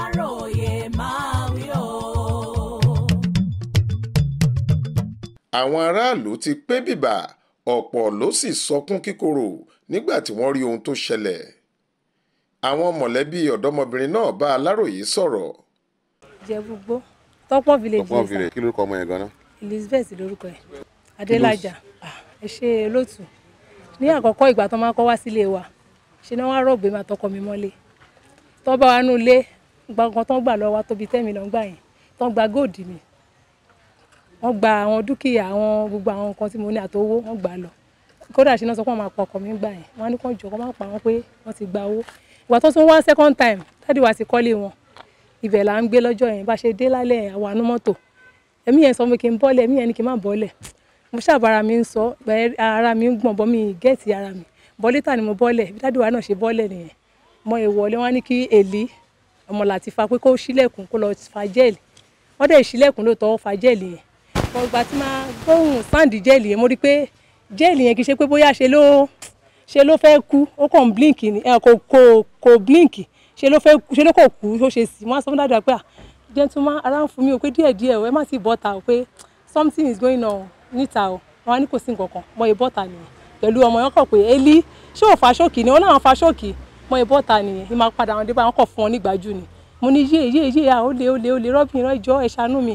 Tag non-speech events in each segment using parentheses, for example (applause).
aláròye máa wí o. àwọn aráàlú ti pé bìbà ọ̀pọ̀ ló sì sọkún kíkorò nígbà tí wọ́n rí ohun tó ṣẹlẹ̀ àwọn mọ̀lẹ́bí ọ̀dọ́mọbìnrin náà bá aláròye sọ̀rọ̀. jẹ̀bú gbó tọ́pọ̀ village tọ́pọ̀ village kí lórúkọ ọmọ yẹn gan-an. elizabeth lórúkọ ẹ̀ adélájà ah, ẹ ṣe olóòtú ní àkọ́kọ́ ìgbà tó máa kọ́ wá sílé wa ṣe ni wọ́n á rọ̀gbé máa tọkọ mi mọ́lé tọ́ bá wa nú ilé gbọ̀ngàn tán gbà lọ́wọ́ tóbi ten million gbà yẹn tán gba gold mi wọ́n gba àwọn dúkìá àwọn gbogbo àwọn nǹkan tí mo ní àtowó wọ́n gbà lọ kódà ṣe náà sọ pé wọ́n máa pa mi gbà yẹn wọ́n á ní kàn jọ kó má pa wọ́n pé wọ́n ti gba owó ìgbà tó tún wá second time dádì wa ti kọ́lé wọn ibẹ̀ là ń gbé lọ́jọ́ yẹn bá ṣe dé lálẹ́ àwa mọ́tò ẹ̀mí yẹn sọ pé kí n bọ́lẹ̀ ẹ̀mí yẹn ni kí n má bọ́lẹ̀ mo ṣàbára mi ń sọ ara mi ń gbọ̀n bọ́ mi gẹ̀ẹ́tì ara mi bọ́lítà ni mo bọ́lẹ̀ bí dádì náà ṣe bọ́lẹ̀ nìyẹn mọ èèwọ̀ lé wọn ní kí èlì ọmọ làtìfà pé kó ṣílẹ̀kùn kó lọ fa jẹ́ẹ̀lì wọ́n dẹ̀ ṣílẹ̀kùn ló tọ́ fa jẹ́ẹ̀lì yẹn wọ́n gba tí máa gbóhùn sáǹdì jẹ́ẹ̀lì yẹn mo rí pé jẹ́ẹ̀lì yẹn kì í ṣe pé bóyá ṣe ló ṣe ló fẹ́ kú ó kàn blink ni ẹ kò kò kò blink ṣe ló fẹ́ ṣe ló kò kú ó ṣe sì wọ́n á sọ fún dáadáa pé à gentleman ara ń fún mi o pé díẹ̀díẹ̀ o ẹ má ti bọ́ta o pé something is going on níta o wọn á ní kò sí nǹkan kan mọ ìbọ́ta nìyẹn pẹ̀lú ọmọ yẹn kàn pé eli ṣé ò fa ṣókì ni ó láwọn fa ṣókì mọ ẹ bọ́ta nìyẹn ẹ máa padà wọn dé bá wọn kọ̀ fún ọ nígbàjú ni mo ní yé yé yé à ó lè ó lè ó lè rọ́bì ìran ìjọ ẹ̀ ṣàánú mi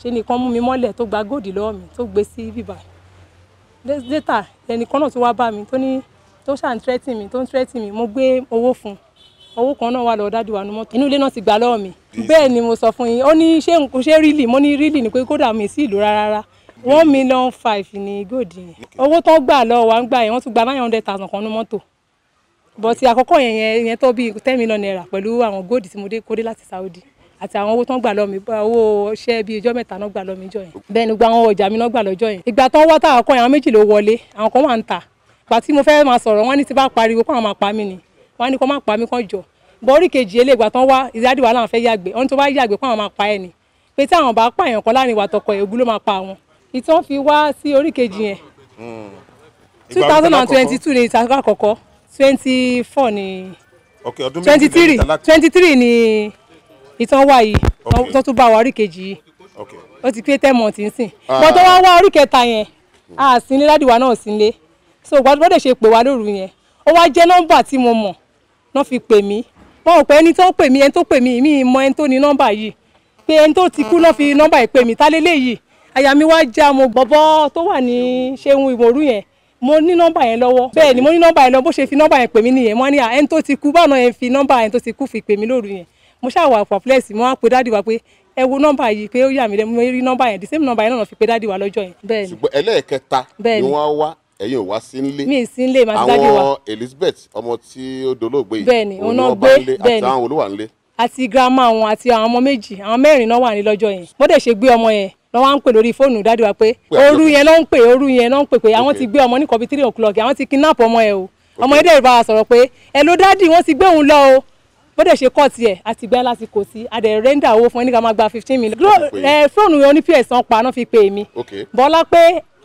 ṣe nìkan mú mi mọ́lẹ̀ tó gba góòdì lọ́wọ́ mi tó gbé sí bíbá dẹ́tà ẹnìkan náà tó wá bá mi tó ní tó ṣàn tírẹ́tì mi tó ń tírẹ́tì mi mo gbé owó fún owó kan náà wà lọ́ọ́ dájú wa nu mọ́tò inú ilé náà ti gbà lọ́wọ́ mi bẹ́ẹ̀ ni mo sọ fún yín ó ní ṣé n kò ṣe rílì mo ní rílì ni pé kódà mi sí ìlú rárá one million five ni góòdì yẹn owó tó gbà lọ́wọ́ wa ń gbà yẹn wọ́n tún gba nine hundred thousand kan nu mọ́tò but àkọ́kọ́ yẹn yẹn yẹn tó bíi ten million naira pẹ̀lú àwọn góòdì tí mo dé kó dé láti Saudi àti àwọn owó tán gbà lọ́mi owó iṣẹ́ bíi ọjọ́ mẹ́ta náà gbà lọ́mi jọ yẹn bẹ́ẹ̀ ni gba àwọn ọjà mi náà gbà lọ́jọ́ yẹn ìgbà tán wá táwọn kan yẹn àwọn méjì ló wọlé àwọn kan wà ń tà ìgbà tí mo fẹ́ máa sọ̀rọ̀ wọ́n ní ti bá pariwo kó àwọn máa pa mí ni wọ́n ní kó má pa mí kán jọ bọ́ọ̀rì kejì eléyìí ìgbà tán wá ìdádì wàhálà àwọn fẹ́ yàgbẹ́ wọ́n ní tó bá yàgbẹ́ kó àwọn máa pa ẹ̀ ni pé tí àwọn bá pààyàn kan láàrin ìwà hmm. two thousand and twenty two ni ìtàkùn àkọ́kọ́ twenty four ni twenty three twenty three ni ìtàn wá yìí tó tún bá wa orí kejì yìí ó ti pé ten months nsìn ah. bọ́ tó wá wá orí kẹta yẹn a sì ní ládìwá náà sì lé so gbọ́dọ̀ ṣe pè wá lóru yẹn ó wá jẹ́ nọ́mbà tí mo mọ̀ náà fi pè mí wọn ò pé ẹni tó pè mí ẹni tó pè mí mi mọ ẹni tó ní nọ́mbà yìí pé ẹni tó ti kú náà fi nọ́mbà yìí pè mí ta lélẹ́yìí àyà mi wá já mo gbọ́bọ́ tó wà ní ṣéun ìmọ̀rú yẹn mo ní nọ́mbà yẹn lọ́wọ́ bẹ́ẹ̀ ni mo ní nọ́mbà yẹn lọ́wọ́ bó ṣe fi nọ́mbà yẹn pè mí nìyẹn mo ní à ẹni tó ti kú báwọn yẹn fi nọ́mbà yẹn tó ti kú fi pè mí lóru yẹn mo ṣáà wà perplex mo wá pe dáàdì wa pé ẹ wo nọ́mbà yìí pé ó yà mí lẹ́nu mo rí nọ́mbà yẹn the same nọ́mbà yẹn náà fi pe dáàdì wa lọ́jọ́ yẹn. bẹ́ẹ̀ ni ṣùgbọ́n ẹlẹ́ẹ̀kẹta ni wọ́n wá ẹ̀yin ò wá sí nílé mi sí nílé màá dáàdì wa àwọn Elizabeth ọmọ tí ó dolóògbé yìí òun náà gbé bẹ́ẹ̀ ni àti àwọn olówà nílé àti grandma wọn àti àwọn ọmọ méjì àwọn mẹ́rin náà wà ní lọ́jọ́ yẹn mo dẹ̀ ṣe gbé ọmọ yẹn lọ́wọ́ à ń pè lórí fóònù dáàdi wa pé òru yẹn ló ń pè òru yẹn ló ń pè pé àwọn ti gbé ọmọ ní kọ́bí three o'clock àwọn ti kidnap ọmọ ẹ o ọmọ yẹn dẹ̀ bá wa sọ̀rọ̀ pé ẹ ló dáàdi wọ́n ti gbé òun lọ o bó dẹ̀ ṣe kọ́ tiẹ̀ àti gbẹ́ láti sí a dẹ̀ rẹ́ńdà owó fún ẹ ní ká máa gba fifteen million. fóònù yẹn onípì ẹ̀sán pa náà fi pè mí bọ́lá pé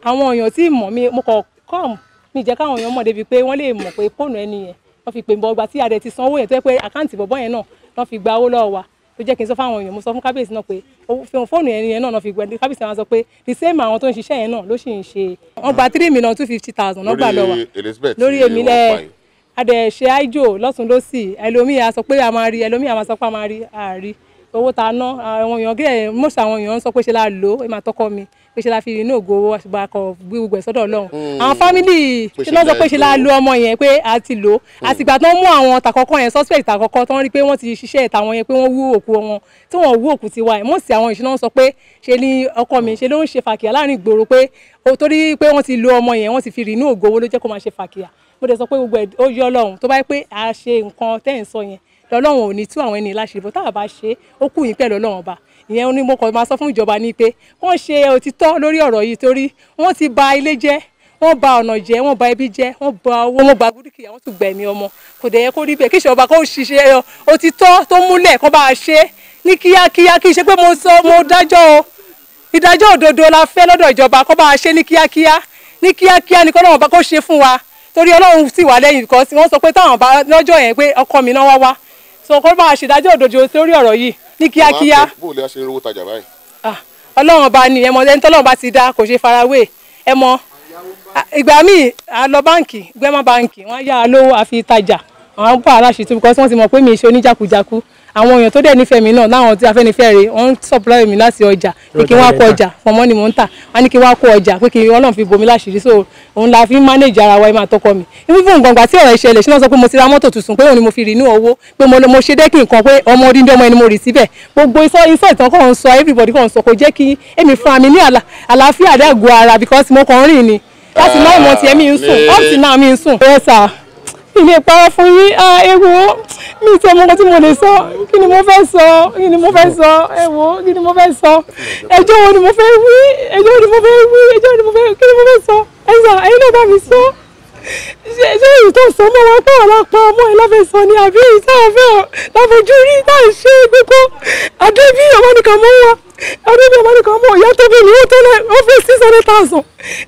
àwọn èèyàn tí mọ̀ mi mo kọ̀ kọ́ọ̀mù mi jẹ́ káwọn èèyàn mọ̀ débi pé wọ́n lè mọ̀ pé fóònù ẹni yẹn wọ́n fi pè mí bọ́ gba tí a dẹ̀ ti sanwó yẹn tó yẹ pé àkáǹtì bọ̀bọ́ yẹn náà wọ́n fi gba owó lọ́wọ́ wa ló jẹ́ kí n sọ fáwọn èèyàn mo sọ fún kábíyèsí náà pé fóònù ẹni yẹn náà náà fi gbẹ kábíyèsí náà sọ pé the same àwọn tó ń ṣiṣẹ́ yẹn náà ló sì ń ṣe wọ́n gba three million two fifty thousand náà gbà lọ́wọ́ lórí èmi lẹ́ adẹ̀ ṣe àìjò lọ́sùn lọ́sì ẹlòmíì a sọ pé a máa rí ẹlòmíì a máa sọ pé a máa rí àárí owó ta ná àwọn èèyàn gílẹ̀ most àwọn èèyàn ń sọ pé ṣe la lò ó ìmọ̀ àtọkọ mi pé ṣe la fi inú ògo owó àṣùgbọ́n akọ gbé gbogbo ẹ̀ sọ́dọ̀ ọlọ́run hmm. àwọn fámìlì ṣe lọ́sọ pé ṣe la lo ọmọ yẹn pé a ti lò ó hmm. àtìgbà tó ń mú àwọn tàkọ́kọ́ yẹn suspect tàkọ́kọ́ tó ń rí pé wọ́n ti ṣiṣẹ́ ìta wọn yẹn pé wọ́n wú òkú wọn tí wọ́n wú òkú tiwa ẹ̀ mọ̀sí àwọn ìṣúná ń sọ pé ṣe ni ọkọ mi ṣe ló ń ṣe fàkìyà láàrin ìgboro pé torí pé wọ́n ti lo ọmọ yẹn wọ́n ti fi rí inú ògo owó ló jẹ́ kó máa ṣe fàkìyà mo dẹ̀ sọ pé gbogbo ẹ̀ ó yọ ọlọ́run tó bá yẹ pé a ṣe nǹkan tẹ́ ẹ̀ ń sọ yẹn lọ́lọ́run ò ní tú àwọn ẹni láṣìírí bó táwa bá ṣe ó kù yín pẹ̀lú ọlọ́run ọba ìyẹn ni mo kàn máa sọ fún ìjọba ní pé wọ́n ṣe òtítọ́ lórí ọ̀rọ̀ yìí torí wọ́n ti bà ilé jẹ́ wọ́n bà ọ̀nà jẹ́ wọ́n bà ẹbí jẹ́ wọ́n bà owó wọ́n ba dúkìá wọ́n tún gbẹ̀mí ọmọ kò dẹ̀ yẹ kó rí bẹ́ẹ̀ kí ìṣọba kó ṣiṣẹ́ òtítọ́ tó múlẹ̀ kó bá a ṣe ní kíákíá kí ṣe pé mo sọ mo dájọ́ o ìdájọ́ òdodo la fẹ́ lọ́dọ̀ ìjọba kó bá a ṣe ní kíákíá ní kíákíá ni kọ́lọ́run bá kó ṣe fún wa torí ọlọ́run sì wà lẹ́yìn kan sí wọ́n sọ pé táwọn bá lọ́jọ́ yẹn pé ọkọ mi náà wá wá sọ kó máa ṣèdájọ́ òdodo sórí ọ̀rọ̀ yìí ní kíákíá. bó o lè ṣe rówó tajà báyìí. Ah, ọlọ́run bá ní ẹmọ ẹni tọ́lọ́run bá ti dá kò ṣe farawé ẹmọ ah, ìgbà míì a báǹkì gbẹ́mọ́ báǹkì wọ́n yá lówó àfi tajà àwọn ń pa aláṣẹ tó because wọ́n ti mọ̀ pé mi ṣe oníjàkújàkú àwọn èèyàn tó dẹ̀ nífẹ̀ẹ́ mi náà láwọn tí afẹ́nifẹ́re wọ́n ń supply mi láti ọjà pé kí wọ́n á kó ọjà fọmọ́ ni mò ń tà wọ́n ní kí wọ́n á kó ọjà pé kí Ọlọ́run fi bomi láṣìírí so òun la fi ń manage ara wa ẹ̀ máa tọkọ mi ìfúnfún gbọ̀ngbà tí ọ̀rọ̀ ìṣẹ̀lẹ̀ ṣe náà sọ pé mo ti ra mọ́tò tuntun pé òun ni mo fi renew owó pé mo ṣe dẹ́kì nǹkan pé ọmọ ọdún dọ́mọ ẹni mo rì síbẹ̀ gbogbo iṣọ́ iṣọ́ ìtàn kò sọ everybody kò sọ kò jẹ́ kí èmi fúnra mi ní àlàáfíà dẹ́gùn ara because mo kàn ń rìn ni láti náà mo tiẹ̀ mi ń sùn up till mi ń sùn mi lè parọ́ fún yín ewu ah, mi ti ọmọ kan tí mo lè sọ kí ni mo fẹ́ sọ kí ni mo fẹ́ sọ ewu kí ni mo fẹ́ sọ ẹjọ́ wo ni mo fẹ́ wí ẹjọ́ wo ni mo fẹ́ wí ẹjọ́ wo ni mo fẹ́ kí ni mo fẹ́ sọ ẹ̀sà ẹ̀yin náà bá mi sọ ṣé èyí tó sọ mọ́ wa pé ọ̀la pa ọmọ ẹ̀ láfẹ́ sọ ni àbí èyí tá a fẹ́ láfojú rí tá a ṣe gbogbo àdébí ọmọ nìkan mọ́ wa adébẹ̀ máa ní kan mọ̀ ìyá tóbi mi ó tẹ́lẹ̀ ó fi six hundred thousand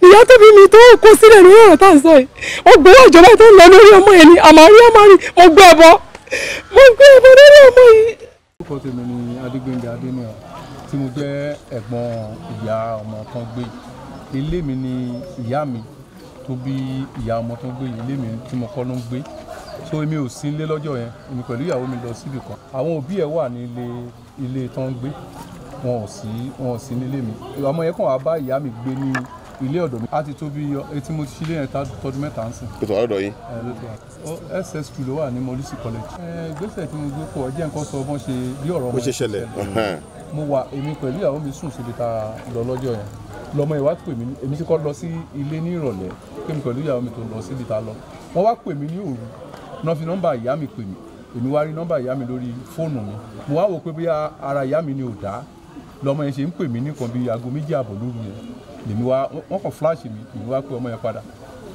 ìyá tóbi mi tó kó sílẹ̀ lórí ọ̀rọ̀ thousand yìí ó gbowó ìjọba tó ń lọ lórí ọmọ yẹn ni o àmàrí mo gbé ẹbọ mo gbé ẹbọ lórí ọmọ yìí. orúkọ tèmi ni adégbèǹga adéníyàn tí mo jẹ́ ẹ̀gbọ́n ìyá ọmọ kan gbé ilé mi ni ìyá mi tó bí ìyá ọmọ tó gbé ilé mi tí mo kọ́ ló ń gbé so èmi ò sí ilé lọ́jọ́ yẹn èmi pẹ̀lú ìyàwó mi lọ síbì kan àwọn òbí ẹ̀ wà ní ilé ilé tó ń gbé wọn ò sí wọn ò sí nílé mi ọmọ yẹn kàn wá bá ìyá mi gbé ní ilé ọ̀dọ̀ mi a ti tó etí mo ti ṣílé yẹn tọdún mẹ́ta ń sìn. o tó wà ẹ ló tó wà ss two ló wà ní Molisi college. ẹ gbèsè tí mo gbé pọ̀ ẹ jẹ́ nǹkan sọ bọ́n ṣe bí ọ̀rọ̀ wọn ṣe ṣẹlẹ̀ mo wà èmi pẹ̀lú ìyàwó mi sùn síbi tá a lọ lọ́jọ́ yẹn lọmọ ìwà pè mí èmi ti kọ́ lọ sí ilé ní ìrọ̀lẹ́ pé mi pẹ̀lú ìyàwó mi tó lọ síbi tá lọ wọ́n wá pè mí ní òru náà fi nọ́mbà ìyá mi pè mí èmi wá rí nọ́mbà ìyá mi lórí fóònù mi mo wá wò pé bí ara ìyá mi ni ò dáa lọ́mọ yẹn ṣe ń pè mí nìkan bíi aago méjì ààbọ̀ lóru yẹn lèmi wá wọ́n kàn flash mi lèmi wá pé ọmọ yẹn padà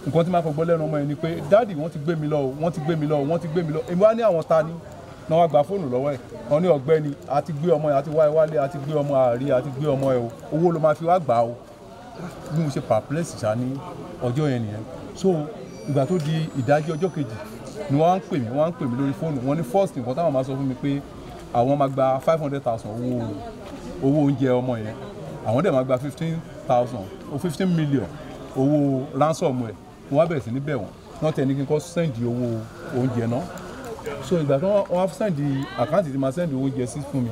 nǹkan tí máa fọ gbọ́ lẹ́nu ọmọ yẹn ni pé dáàdì wọ́n ti gbé mi lọ wọ́n ti gbé mi lọ wọ́n ti gbé mi lọ èmi wá ní àwọn ta ni náà wá gba fóònù lọ́wọ́ ẹ̀ wọ́n ní ọ̀gbẹ́ni àti gbé ọmọ yẹn àti wá ẹ wálé àti gbé ọmọ àárí àti gbé ọmọ ẹ o owó ló máa fi wá gbà o bí mo ṣe perplex ṣá ní ọjọ́ yẹn nìyẹn so ìgbà tó di ìdájí ọjọ́ kejì ni wọ́n á ń pè mí wọ́n á ń pè mí lórí fóònù wọ́n ní first nǹkan táwọn máa sọ fún mi pé àwọn máa gba five hundred thousand owó owó oúnjẹ ọmọ yẹn àwọn dẹ̀ máa gba fifteen thousand or oh, fifteen million owó ransom ẹ̀ wọ́n wá bẹ̀rẹ̀ sí ní bẹ̀ wọ́n wọ́n tẹ̀ ní kí n kọ́ sẹ́ǹdì owó oúnjẹ náà so ìgbà tí wọ́n wá sẹ́ǹdì àkáǹtì tí máa sẹ́ǹdì oúnjẹ sí fún mi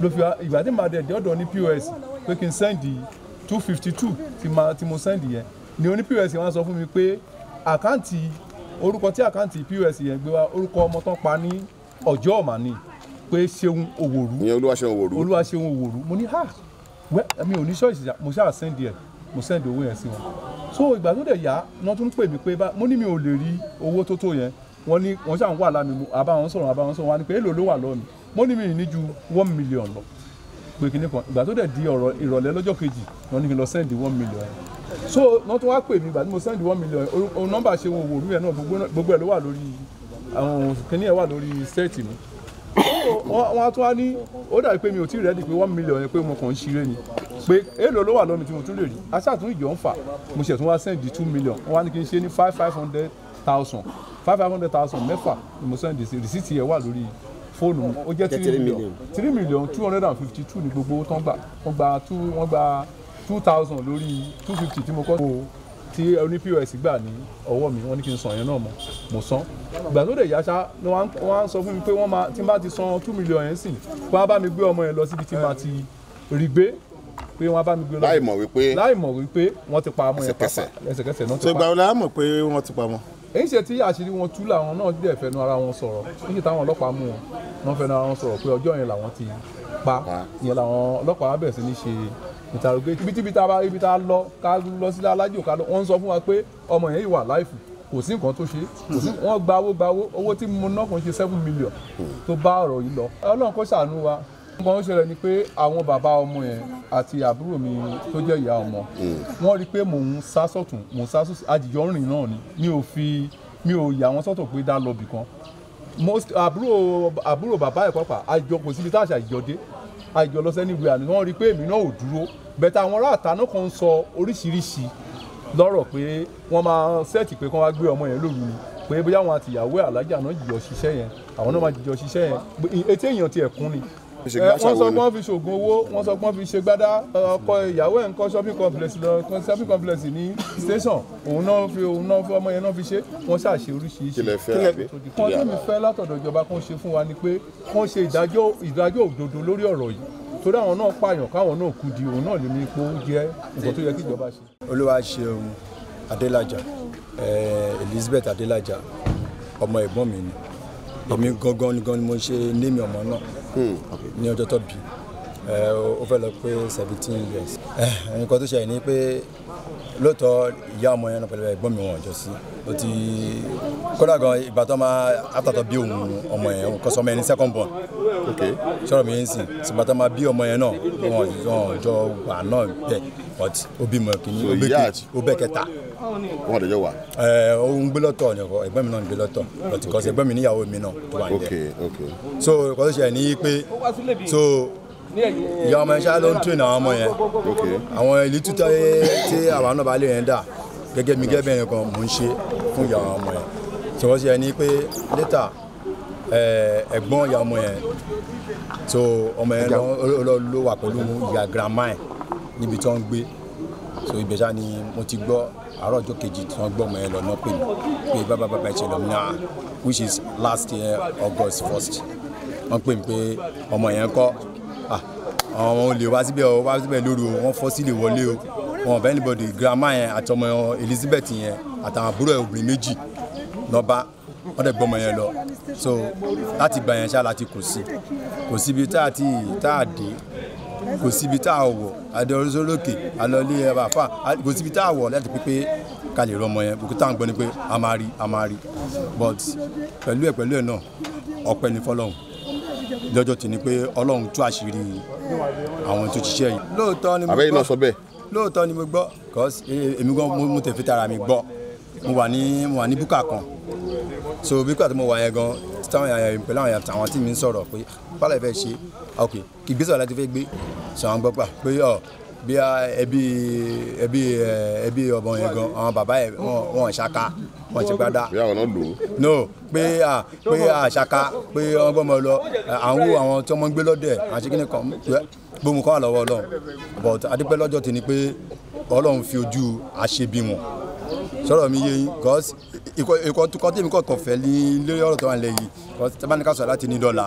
ló fi ìgbà tí màá dẹ̀ dé ọ̀dọ̀ ní pọ́s pé kí n sẹ́ǹdì two fifty two tí mo sẹ́ǹdì yẹn ni oní pọ́s wọn sọ fún mi pé àkáǹtì orúkọ tí àkáǹtì pọ́s yẹn gbé wa orúkọ ọmọ tán pa ní ọjọ́ ọ̀mà ni pé Ṣeun Òwòrú ìyẹn Olúwaṣeun Òwòrú Olúwaṣeun Òwòrú mo ní ha ah, wẹ́ mi ò ní ṣọ́ọ̀ṣì mo ṣáà sẹ́ndì ẹ̀ mo sẹ́ndì owó yẹn sí wọn so ìgbà tó dẹ̀ yá wọ́n tún pè mí pé mo ní mi ò lè rí owó tó tó yẹn wọ́n ní wọ́n ṣáà ń wà lámi mu àbáwọn sọ̀rọ̀ àbáwọn sọ̀rọ̀ wá ní pé èlò ló wà lọ́ọ̀ mi mo ní mi ní ju one million lọ pé kinní kan ìgbà tó dẹ̀ di ọ̀rọ̀ ìrọ̀lẹ́ lọ́jọ́ kejì wọ́n ní kí n lọ sẹ́ndì one million so wọ́n tún wá pè mí ìgbà tí mo sẹ́ndì one million nọ́mbà Ṣeun Òwòrú yẹn náà gbogbo ẹ̀ ló wà lórí àwọn kìnìyàn wà lórí sẹ́ẹ̀tì mi wọ́n tún wá ní ó dàbí pé mi ò tí ì rẹ́dì pé one million ni pé mo kàn ń ṣeré ni pé èèlò ló wà lọ́mi tí mo tún lè rí aṣáàtún ìjọ ń fà mo ṣẹ̀ wá sẹ́ǹdì two million wọ́n wá ní kí n ṣe ní five five hundred thousand five five hundred thousand mẹ́fà ni mo sẹ́ǹdì sí rìsíìtì yẹn wà lórí fóònù mi ó jẹ́ three million three million two hundred and fifty two ni gbogbo tán gbà wọ́n gba two thousand lórí two fifty tí mo kọ́ tí oní pọ́s gbà ní ọwọ́ mi wọ́n ní kí n san yẹn náà mọ́ mo san gbà tó dẹ̀ yá ṣá ni wọ́n á sọ fún mi pé wọ́n máa tí n bá ti san two million yẹn sì pé wọ́n á bá mi gbé ọmọ yẹn lọ síbi tí màá ti rí gbé pé wọ́n á bá mi gbé lọ láì mọ̀ wípé láì mọ̀ wípé wọ́n ti pa ọmọ yẹn pàpà ẹsẹ̀kẹsẹ̀ náà ti pa so gbàgbọ́ la mọ̀ pé wọ́n ti pa mọ́ èyí ṣe tí àṣírí wọn tú làwọn náà dẹ̀ fẹnu ara wọn sọ̀rọ̀ níṣe táwọn ọlọ́pàá mú wọn wọn fẹnu ara wọn sọ̀rọ̀ pé ọjọ́ yẹn làwọn ti pa ìyẹn làwọn ọlọ́pàá bẹ̀rẹ̀ sí ní ṣe interrogate ibi tí ibi tá a lọ ká lọ sílé alájò ká lọ wọ́n ń sọ fún wa pé ọmọ yẹn ìwà láìfù kò sí nǹkan tó ṣe kò sí wọn gba owó gba owó owó tí mo ná kò ń ṣe seven million tó bá ọ̀rọ̀ yìí lọ ọlọ́run kó ṣàánú wa nǹkan ó ṣẹlẹ̀ ni pé àwọn bàbá ọmọ yẹn àti àbúrò mi tó jẹ́ ìyá ọmọ wọ́n rí i pé mò ń sá sọ̀tún mò ń sá sọ̀tún àjìyọ́rìn náà ni mi ò fi mi ò yà wọ́n sọ̀tọ̀ pé dá lọ bìkan most àbúrò àbúrò bàbá ẹ̀ pàpà àjọ kò síbi tá àṣà ìjọ dé àjọ lọ sẹ́ni ìwé àná wọ́n rí i pé èmi náà ò dúró bẹ̀tẹ̀ àwọn ará àtàná kan ń sọ oríṣiríṣi lọ́rọ̀ pé wọ́n máa sẹ́ẹ̀tì pé kí wọ́n wá gbé ọmọ yẹn lóru ni pé bóyá àwọn àtìyàwó alájà náà jìjọ ṣiṣẹ́ yẹn àwọn náà máa jìjọ ṣiṣẹ́ yẹn etí èèyàn ti ẹ̀kún ni wọ́n eh, sọ pé wọ́n fi ṣoògùn owó wọ́n sọ pé wọ́n fi ṣe gbádá ọkọ ìyàwó ẹ̀ ń kọ́ shopping complex lọ shopping complex ní station òun náà fi òun náà fi ọmọ yẹn náà fi ṣe wọ́n ṣàṣe oríṣiríṣi kan tí mi fẹ́ látọ̀dọ̀ ìjọba kan ṣe torí àwọn náà pààyàn káwọn náà kú di òun náà lè ní ipò oúnjẹ nǹkan tó yẹ kí ìjọba ṣe. olúwa ṣeun adélájà elizabeth adélájà ọmọ ẹ̀gbọ́n mi ni èmi gangan ni mo ṣe ní mi ọmọ náà hmm, ní ọjọ́ tó bí i ó fẹ́ lọ pé seventeen years. nǹkan tó ṣẹlẹ̀ ni pé lóòótọ́ ìyá ọmọ yẹn pẹ̀lú ẹ̀gbọ́n mi wọn jọ sí ó ti kódà gan ìgbà tó máa àtàtọ̀ bí òun ọmọ yẹn òun kọ́sọ́mọ ẹni second born sọ̀rọ̀ mi yẹn sìn ìgbà tó máa bí ọmọ yẹn náà wọn jọ wà náà bẹ̀ but ó bímọ kìíní ó bẹ̀ kẹta wọn lè jọ wa. ẹ ohun gbẹlọtọ ni ọkọ ẹ̀gbọ́n mi náà ń gbẹlọtọ lọtí kọsí ẹ̀gbọ́n mi níyàwó mi náà tó wà níbẹ̀. so kọsí ṣe ní pé so ìyá ọmọ ẹ̀ṣá ló ń tún ìnáwó ọmọ yẹn àwọn ìlú tuntun tí àwọn náà bá lè yẹn dà gẹ́gẹ́ mi gẹ́gẹ́ bẹ́ẹ̀ mò ń ṣe fún ìyá ọmọ yẹn tí wọ́n ṣe ẹni pé lẹ́tà ẹ̀gbọ́n ìyá ọmọ yẹn so ọmọ yẹn ló wà pẹ̀lú ìyá grandma yẹn níbi tí wọ́n ń gbé so ibẹ̀ ṣá ni mo ti gbọ́ àárọ̀ ọjọ́ kejì tí wọ́n gbọ́ ọmọ yẹn lọ náà pè mí pé bàbá bàbá ìṣẹ̀lẹ̀ mi náà ah, which is last year August first wọ́n pè mí pé ọmọ yẹn kọ́ Ah, àwọn olè wá síbẹ̀ wá síbẹ̀ lóru wọ́n fọ́ sílé wọlé o wọn bẹ́ẹ̀ níbọ̀ girama yẹn àtọmọ Elizabeth yẹn àtàwọn àbúrò obìnrin méjì lọ́ba wọ́n dẹ̀ gbọ́mọ yẹn lọ so láti gbà yẹn ṣá láti kò sí kò síbi tá a ti tá a dé kò síbi tá a wọ̀ adọ́rọ́sọ́lókè alọ́lé àbáfà kò síbi tá a wọ̀ láti pípé ká lè rọmọ yẹn bùkútà ń gbọ́ ni pé a máa rí a máa rí but pẹ̀lú ẹ̀ pẹ̀lú ẹ̀ náà ọpẹ́ ni fọlọ́hún lọ́jọ́ tí ni pé ọlọ́run tú àṣírí àwọn tó ṣiṣẹ́ yìí. lóòótọ́ ni mo gbọ́ àbẹ́yìn náà sọ bẹ́ẹ̀. lóòótọ́ ni mo gbọ́ cause e, e, èmi gan mo tẹ̀ fi tara mi gbọ́ mo wà ní mo wà ní búkà kan so bíkà tí mo wà yẹn gan táwọn yàrá pẹ̀lú àwọn yàrá àwọn tí mi ń sọ̀rọ̀ pé báàlẹ̀ fẹ́ ṣe ok kì gbèsè ọ̀la ti fẹ́ gbé sọ àwọn gbọ́ pà pé ọ̀ bí ẹbí ẹbí ẹbí ọmọ yẹn gan àwọn bàbá yẹn wọn ṣaka wọn ti gbada. bí àwọn náà lò ó. no pé à pé à ṣaka pé wọn gbọmọ lọ àwọn wo àwọn tí wọn ń gbé lọdẹ àti kíni kan gbóhùn kọ́ àlọ́wọ́ ọlọ́run but adúpẹ́ lọ́jọ́ ti ni pé ọlọ́run fi ojú àṣebi wọn sọ̀rọ̀ mi yé yín cause ìkọ́ ìkọ́ tèmi kọ̀ kọ̀ fẹ́ lé lórí ọ̀rọ̀ tó wà lẹ́yìn cause tẹ́bánikà sọ̀rọ̀ láti ní dọ́là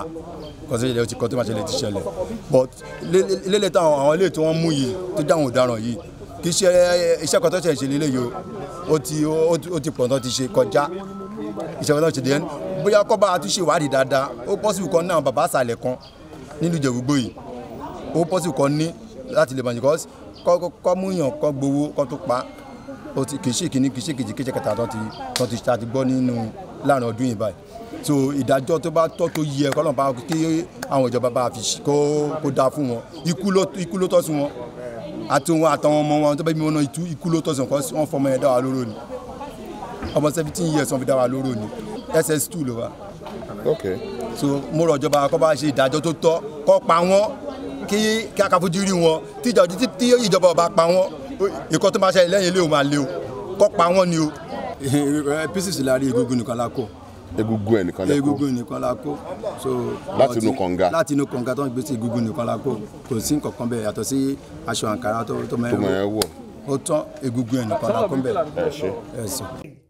kò sí ilẹ̀ ti kọ́ tó máa ṣẹlẹ̀ ti ṣẹlẹ̀ but lélẹ̀ táwọn àwọn ilé tí wọ́n mú yìí tó dáhùn ọ̀daràn yìí kì í ṣe iṣẹ́ kan tó ṣe ṣe lélẹ̀ yìí ó ti pọ̀ tán ti ṣe kọjá iṣẹ́ kan tó ṣe dé bóyá kọ́ bá a tún ṣe ìwádìí dáadáa ó pọ́sibù kan náà bàbá àṣàlẹ̀ kan nílùú ìjẹ̀bùgbò yìí ó pọ́sibù kan ní láti lè bàjẹ́ kọ́ mú yàn kọ́ gbowó kọ́ tó pa kì í ṣe kìíní kì í ṣe kìíní kì í ṣe kẹta tán ti gbọ́ nínú láàrin ọdún yìí báyìí so ìdájọ́ tó bá tọ́ tó yẹ kọ́ lọ́nà bá kí àwọn ìjọba bá fi kó kó dáa fún wọn ikú ló tọ́ sí wọn àti wọn àtàwọn ọmọ wọn tó bá bí wọn náà ikú ló tọ́ sí wọn kọ́ wọn fọmọ yẹn dá wa lóró ni ọmọ seventeen years wọn fi dá wa lóró ni ss two ló wà. okay. so mo rọ̀ ìjọba kó bá ṣe ìdájọ́ tó tọ́ kó pa wọ́n kí kí akafojú rí wọn tí ìjọba ọba pa wọ́n ìkọ́ tó máa ṣe lẹ́yìn ilé ò máa le o kó pa wọ́n ni o. (laughs) pieces la rí egungun nìkan lákọ̀ọ́ egungun ẹnìkan lẹ kó egungun nìkan la kó so láti inú kànga láti inú kànga tó ń gbé sí egungun nìkan la kó kò sí nǹkan kan bẹ́ẹ̀ yàtọ̀ sí aṣọ àǹkárá tó mọ̀ ẹ́ wọ̀ ó tán egungun ẹnìkan la kó bẹ́ẹ̀ ṣe.